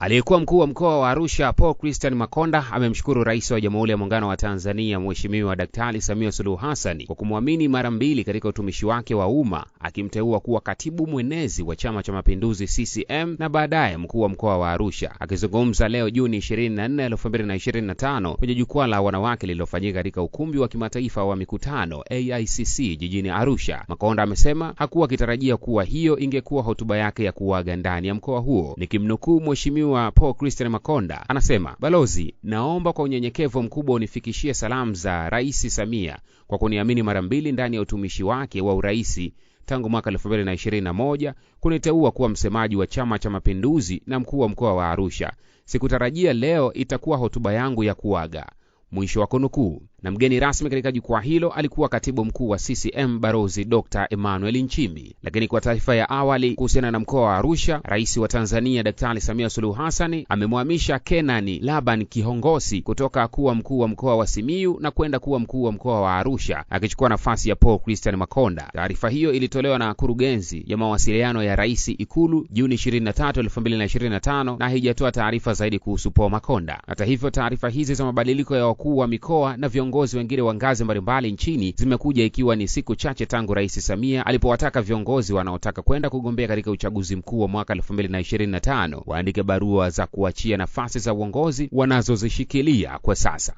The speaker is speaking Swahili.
Aliyekuwa mkuu wa mkoa wa Arusha Paul Christian Makonda amemshukuru Rais wa Jamhuri ya Muungano wa Tanzania Mheshimiwa Daktari Samia Suluhu Hassan kwa kumwamini mara mbili katika utumishi wake wa umma akimteua kuwa katibu mwenezi wa Chama cha Mapinduzi CCM na baadaye mkuu wa mkoa wa Arusha. Akizungumza leo Juni 24, 2025 kwenye jukwaa la wanawake lililofanyika katika ukumbi wa kimataifa wa mikutano AICC jijini Arusha, Makonda amesema hakuwa akitarajia kuwa hiyo ingekuwa hotuba yake ya kuaga ndani ya mkoa huo. Nikimnukuu Mheshimiwa Mheshimiwa Paul Christian Makonda anasema, balozi, naomba kwa unyenyekevu mkubwa unifikishie salamu za Rais Samia kwa kuniamini mara mbili ndani ya utumishi wake wa uraisi tangu mwaka 2021 kuniteua kuwa msemaji wa Chama cha Mapinduzi na mkuu wa mkoa wa Arusha. Sikutarajia leo itakuwa hotuba yangu ya kuaga. Mwisho wa kunukuu na mgeni rasmi katika jukwaa hilo alikuwa katibu mkuu wa CCM barozi Dr. Emmanuel Nchimbi. Lakini kwa taarifa ya awali kuhusiana na mkoa wa Arusha, Rais wa Tanzania Daktari Samia Suluhu Hassan amemhamisha Kenani Laban Kihongosi kutoka kuwa mkuu wa mkoa wa simiu na kwenda kuwa mkuu wa mkoa wa Arusha, akichukua nafasi ya Paul Christian Makonda. Taarifa hiyo ilitolewa na kurugenzi ya mawasiliano ya Rais Ikulu Juni 23, 2025 na haijatoa taarifa zaidi kuhusu Paul Makonda. Hata hivyo, taarifa hizi za mabadiliko ya wakuu wa mikoa na viongozi viongozi wengine wa ngazi mbalimbali nchini zimekuja ikiwa ni siku chache tangu Rais Samia alipowataka viongozi wanaotaka kwenda kugombea katika uchaguzi mkuu wa mwaka 2025 waandike barua za kuachia nafasi za uongozi wanazozishikilia kwa sasa.